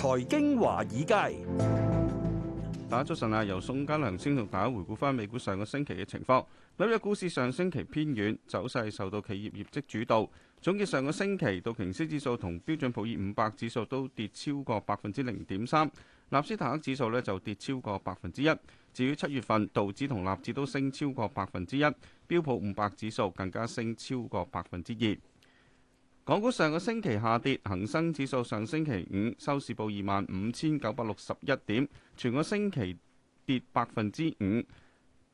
財經華爾街，大家早晨啊！由宋家良先同大家回顧翻美股上個星期嘅情況。紐約股市上星期偏軟，走勢受到企業業績主導。總結上個星期，道瓊斯指數同標準普爾五百指數都跌超過百分之零點三，納斯達克指數呢就跌超過百分之一。至於七月份，道指同納指都升超過百分之一，標普五百指數更加升超過百分之二。港股上個星期下跌，恒生指數上星期五收市報二萬五千九百六十一點，全個星期跌百分之五。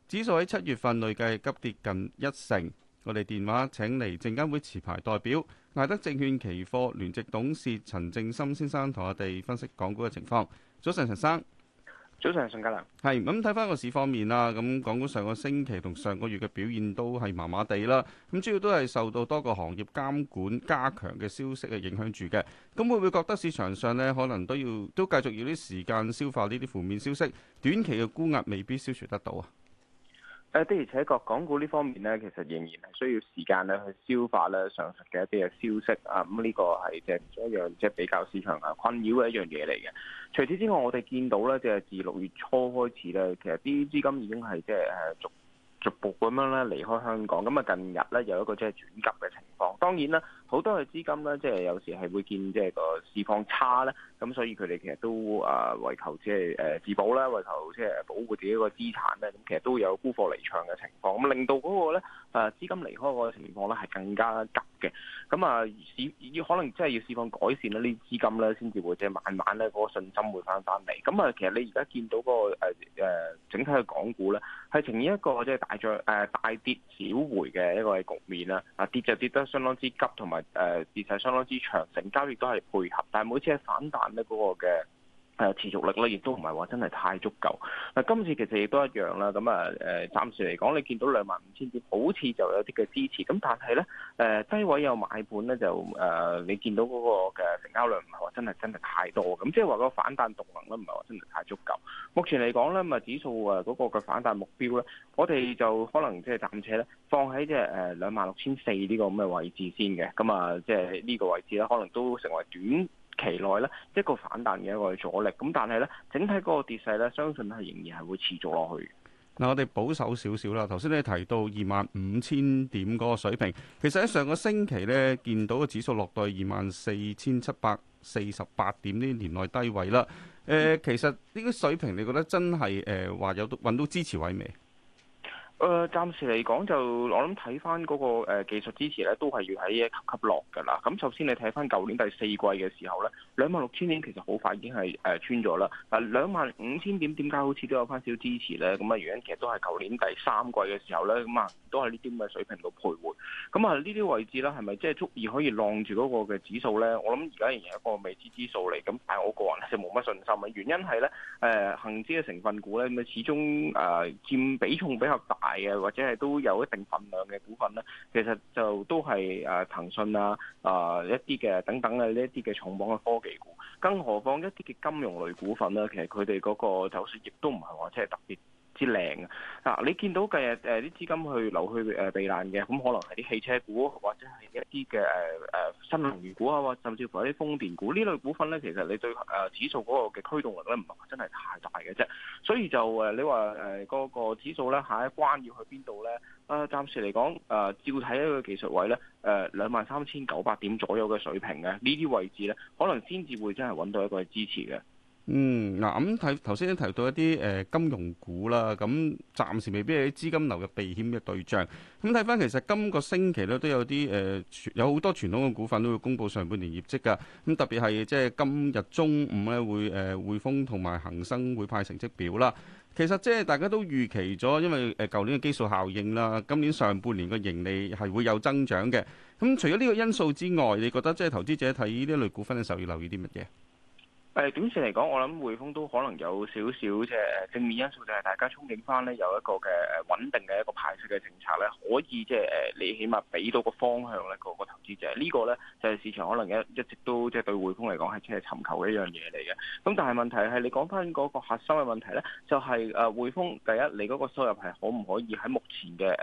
指數喺七月份累計急跌近一成。我哋電話請嚟證監會持牌代表艾德證券期貨聯席董事陳正森先生同我哋分析港股嘅情況。早晨，陳生。早上係馮家良，係咁睇翻個市方面啦，咁港股上個星期同上個月嘅表現都係麻麻地啦，咁主要都係受到多個行業監管加強嘅消息嘅影響住嘅，咁會唔會覺得市場上呢可能都要都繼續要啲時間消化呢啲負面消息，短期嘅沽壓未必消除得到啊？的而且確，港股呢方面呢，其實仍然係需要時間咧去消化咧上述嘅一啲嘅消息啊。咁、嗯、呢、呢個係即係一樣即係比較市場啊困擾嘅一樣嘢嚟嘅。除此之外，我哋見到咧，即係自六月初開始咧，其實啲資金已經係即係逐逐步咁樣咧離開香港。咁啊，近日咧有一個即係轉急嘅情況。當然啦，好多嘅資金咧，即係有時係會見即係個市況差咧，咁所以佢哋其實都啊為求即係誒自保啦，為求即係保護自己個資產咧，咁其實都有沽貨離場嘅情況，咁令到嗰個咧誒資金離開個情況咧係更加急嘅，咁啊要可能真係要市況改善呢啲資金咧，先至會即係慢慢咧嗰個信心會翻翻嚟，咁啊其實你而家見到嗰個誒整體嘅港股咧，係呈現一個即係大漲誒大跌小回嘅一個局面啦，啊跌就跌得。相當之急，同埋誒，而且相當之長，成交亦都係配合，但係每次係反彈咧嗰個嘅。係持續力呢，亦都唔係話真係太足夠。嗱，今次其實亦都一樣啦。咁啊，誒，暫時嚟講，你見到兩萬五千點，好似就有啲嘅支持。咁但係咧，誒低位有買盤咧，就誒你見到嗰個嘅成交量唔係話真係真係太多。咁即係話個反彈動能咧，唔係話真係太足夠。目前嚟講咧，咪指數啊嗰個嘅反彈目標咧，我哋就可能即係暫且咧放喺即係兩萬六千四呢個咁嘅位置先嘅。咁啊，即係呢個位置咧，可能都成為短。期內咧，一個反彈嘅一個阻力，咁但係咧，整體嗰個跌勢咧，相信係仍然係會持續落去。嗱，我哋保守少少啦。頭先你提到二萬五千點嗰個水平，其實喺上個星期咧，見到個指數落到二萬四千七百四十八點呢年內低位啦。誒、呃，其實呢個水平你覺得真係誒話有揾到支持位未？誒、呃，暫時嚟講就我諗睇翻嗰個技術支持咧，都係要喺一級級落㗎啦。咁首先你睇翻舊年第四季嘅時候咧，兩萬六千點其實好快已經係誒穿咗啦。誒，兩萬五千點點解好似都有翻少少支持咧？咁啊原因其實都係舊年第三季嘅時候咧，咁啊都係呢啲咁嘅水平度徘徊。咁啊呢啲位置咧係咪即係足以可以浪住嗰個嘅指數咧？我諗而家仍然係一個未知之數嚟，咁但係我個人就冇乜信心啊。原因係咧，誒恆指嘅成分股咧，咁始終誒、呃、佔比重比較大。係嘅，或者係都有一定份量嘅股份呢，其實就都係誒騰訊啊，誒、啊、一啲嘅等等嘅呢一啲嘅重磅嘅科技股，更何況一啲嘅金融類股份呢，其實佢哋嗰個走勢亦都唔係話真係特別。之靚啊！嗱，你見到嘅日啲資金去流去避難嘅，咁可能係啲汽車股或者係一啲嘅新能源股啊，甚至乎一啲風電股呢類股份咧，其實你對誒指數嗰個嘅驅動力呢，唔係話真係太大嘅啫。所以就你話嗰個指數咧下一關要去邊度咧？啊，暫時嚟講誒，照睇一個技術位咧，誒兩萬三千九百點左右嘅水平嘅呢啲位置咧，可能先至會真係揾到一個支持嘅。嗯，嗱，咁睇頭先都提到一啲誒金融股啦，咁暫時未必係啲資金流入避險嘅對象。咁睇返其實今個星期咧都有啲誒，有好多傳統嘅股份都會公布上半年業績㗎。咁特別係即係今日中午咧會誒匯豐同埋恒生會派成績表啦。其實即係大家都預期咗，因為誒舊年嘅基數效應啦，今年上半年嘅盈利係會有增長嘅。咁除咗呢個因素之外，你覺得即係投資者睇呢一類股份嘅時候要留意啲乜嘢？誒短線嚟講，我諗匯豐都可能有少少即係正面因素，就係、是、大家憧憬翻呢有一個嘅穩定嘅一個派息嘅政策呢，可以即係你起碼俾到個方向呢個個投資者呢、這個呢，就係市場可能一一直都即係對匯豐嚟講係真係尋求嘅一樣嘢嚟嘅。咁但係問題係你講翻嗰個核心嘅問題呢，就係、是、誒匯豐第一，你嗰個收入係可唔可以喺目前嘅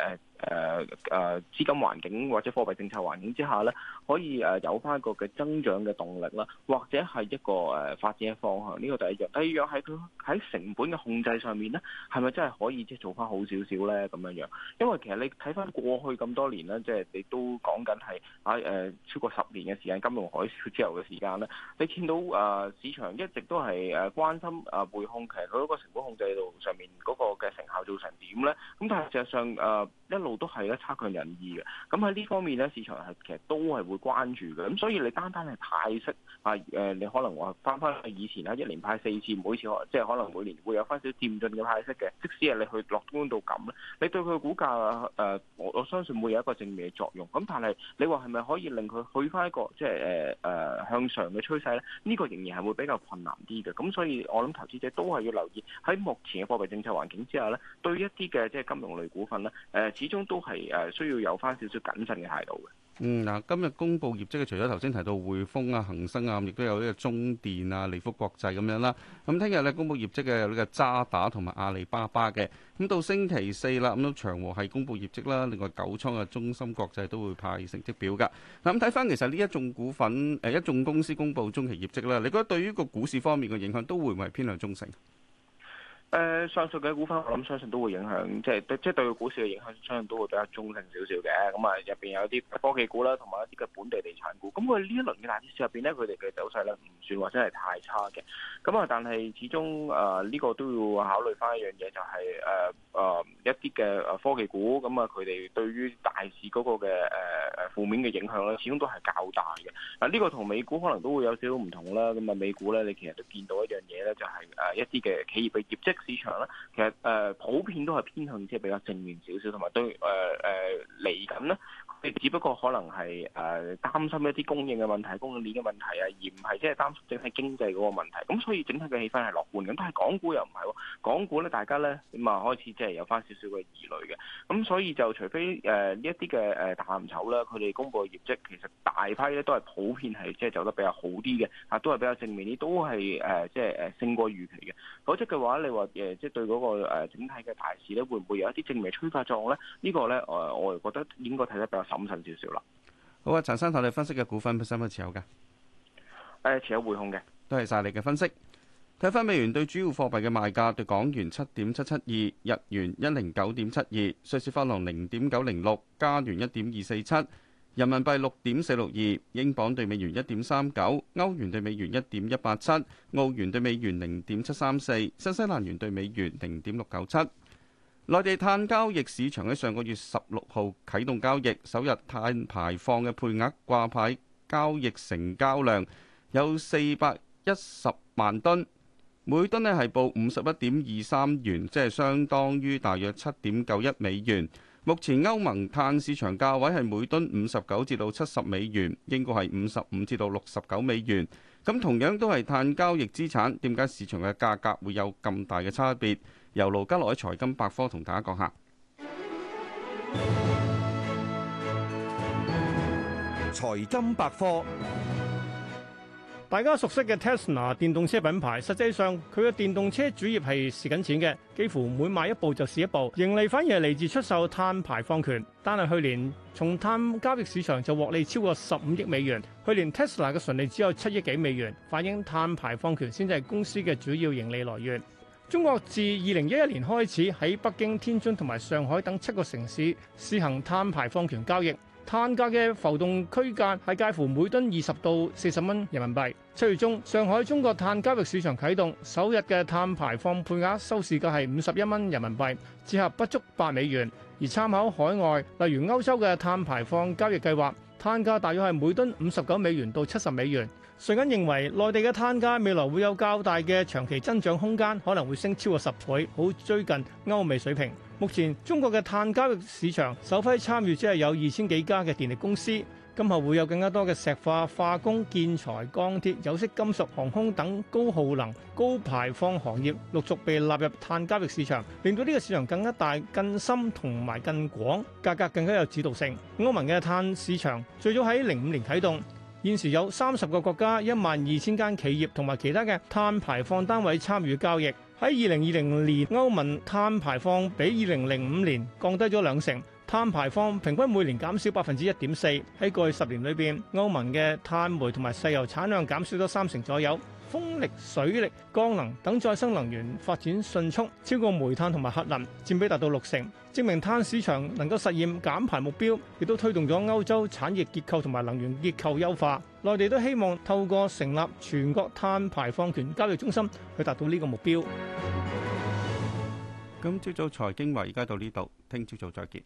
誒誒，資金環境或者貨幣政策環境之下咧，可以誒有翻一個嘅增長嘅動力啦，或者係一個誒發展嘅方向，呢個第一樣。第二樣係佢喺成本嘅控制上面咧，係咪真係可以即係做翻好少少咧咁樣樣？因為其實你睇翻過去咁多年咧，即係你都講緊係啊誒超過十年嘅時間，金融海嘯之後嘅時間咧，你見到啊市場一直都係誒關心啊匯控，其實佢嗰個成本控制度上面嗰個嘅成效做成點咧？咁但係事實上誒。一路都係咧差強人意嘅，咁喺呢方面咧，市場係其實都係會關注嘅，咁所以你單單係派息啊，誒，你可能話翻翻去以前啦，一年派四次，每次可即係、即係、可能每年會有翻少少漸進嘅派息嘅，即使係你去樂觀到咁咧，你對佢股價誒，我我相信會有一個正面嘅作用，咁但係你話係咪可以令佢去翻一個即係誒誒向上嘅趨勢咧？呢、呢個仍然係會比較困難啲嘅，咁所以我諗投資者都係要留意喺目前嘅貨幣政策環境之下咧，對一啲嘅即係金融類股份咧，誒。始終都係誒需要有翻少少謹慎嘅態度嘅。嗯，嗱，今日公布業績嘅，除咗頭先提到匯豐啊、恒生啊，亦都有呢個中電啊、利福國際咁樣啦。咁聽日咧，公布業績嘅有呢個渣打同埋阿里巴巴嘅。咁到星期四啦，咁都長和係公布業績啦，另外九倉嘅中心國際都會派成績表噶。咁睇翻其實呢一眾股份誒一眾公司公布中期業績啦，你覺得對於個股市方面嘅影響都會唔會係偏向中性？誒上述嘅股份，我諗相信都會影響，即係即係對股市嘅影響，相信都會比較中性少少嘅。咁啊，入邊有啲科技股啦，同埋一啲嘅本地地產股。咁佢呢一輪嘅大市入邊咧，佢哋嘅走勢咧，唔算話真係太差嘅。咁啊，但係始終誒呢個都要考慮翻一樣嘢，就係誒誒一啲嘅科技股，咁啊佢哋對於大市嗰個嘅誒誒負面嘅影響咧，始終都係較大嘅。嗱呢個同美股可能都會有少少唔同啦。咁啊美股咧，你其實都見到一樣嘢咧，就係誒一啲嘅企業嘅業績。市場咧，其實誒、呃、普遍都係偏向即係比較正面少少，同埋對誒誒嚟緊咧。呃呃只不過可能係誒擔心一啲供應嘅問題、供應鏈嘅問題啊，而唔係即係擔心整體經濟嗰個問題。咁所以整體嘅氣氛係樂觀嘅。咁但係港股又唔係喎，港股咧大家咧咁啊開始即係有翻少少嘅疑慮嘅。咁所以就除非誒、呃、呢一啲嘅誒大藍籌啦，佢哋公佈嘅業績其實大批咧都係普遍係即係走得比較好啲嘅，啊都係比較正面啲，都係誒即係誒勝過預期嘅。否則嘅話，你話誒即係對嗰個整體嘅大市咧，會唔會有一啲正面嘅催化作用咧？這個、呢個咧我我係覺得應該睇得比較。謹好啊，陳生，睇你分析嘅股份，乜身份持有嘅？誒、呃，持有匯控嘅。多謝晒你嘅分析。睇翻美元對主要貨幣嘅賣價：對港元七點七七二，日元一零九點七二，瑞士法郎零點九零六，加元一點二四七，人民幣六點四六二，英鎊對美元一點三九，歐元對美元一點一八七，澳元對美元零點七三四，新西蘭元對美元零點六九七。內地碳交易市場喺上個月十六號啟動交易，首日碳排放嘅配額掛牌交易成交量有四百一十萬噸，每噸呢係報五十一點二三元，即係相當於大約七點九一美元。目前歐盟碳市場價位係每噸五十九至到七十美元，應該係五十五至到六十九美元。咁同樣都係碳交易資產，點解市場嘅價格會有咁大嘅差別？由盧家樂喺財金百科同大家講下財金百科，大家熟悉嘅 Tesla 電動車品牌，實際上佢嘅電動車主業係蝕緊錢嘅，幾乎每買一部就蝕一部。盈利反而係嚟自出售碳排放權，但係去年從碳交易市場就獲利超過十五億美元。去年 Tesla 嘅純利只有七億幾美元，反映碳排放權先至係公司嘅主要盈利來源。中國自二零一一年開始喺北京、天津同埋上海等七個城市試行碳排放權交易，碳價嘅浮動區間係介乎每噸二十到四十蚊人民幣。七月中，上海中國碳交易市場啟動，首日嘅碳排放配額收市價係五十一蚊人民幣，折合不足八美元。而參考海外，例如歐洲嘅碳排放交易計劃，碳價大約係每噸五十九美元到七十美元。瑞銀認為，內地嘅碳價未來會有較大嘅長期增長空間，可能會升超過十倍，好追近歐美水平。目前中國嘅碳交易市場首批參與者係有二千幾家嘅電力公司，今後會有更加多嘅石化、化工、建材、鋼鐵、有色金屬、航空等高耗能、高排放行業陸續被納入碳交易市場，令到呢個市場更加大、更深同埋更廣，價格更加有指導性。歐盟嘅碳市場最早喺零五年啟動。現時有三十個國家、一萬二千間企業同埋其他嘅碳排放單位參與交易，喺二零二零年，歐盟碳排放比二零零五年降低咗兩成。碳排放平均每年減少百分之一點四，喺過去十年裏邊，歐盟嘅碳煤同埋石油產量減少咗三成左右。風力、水力、光能等再生能源發展迅速，超過煤炭同埋核能，佔比達到六成，證明碳市場能夠實現減排目標，亦都推動咗歐洲產業結構同埋能源結構優化。內地都希望透過成立全國碳排放權交易中心，去達到呢個目標。今朝早財經華爾街，而家到呢度，聽朝早再見。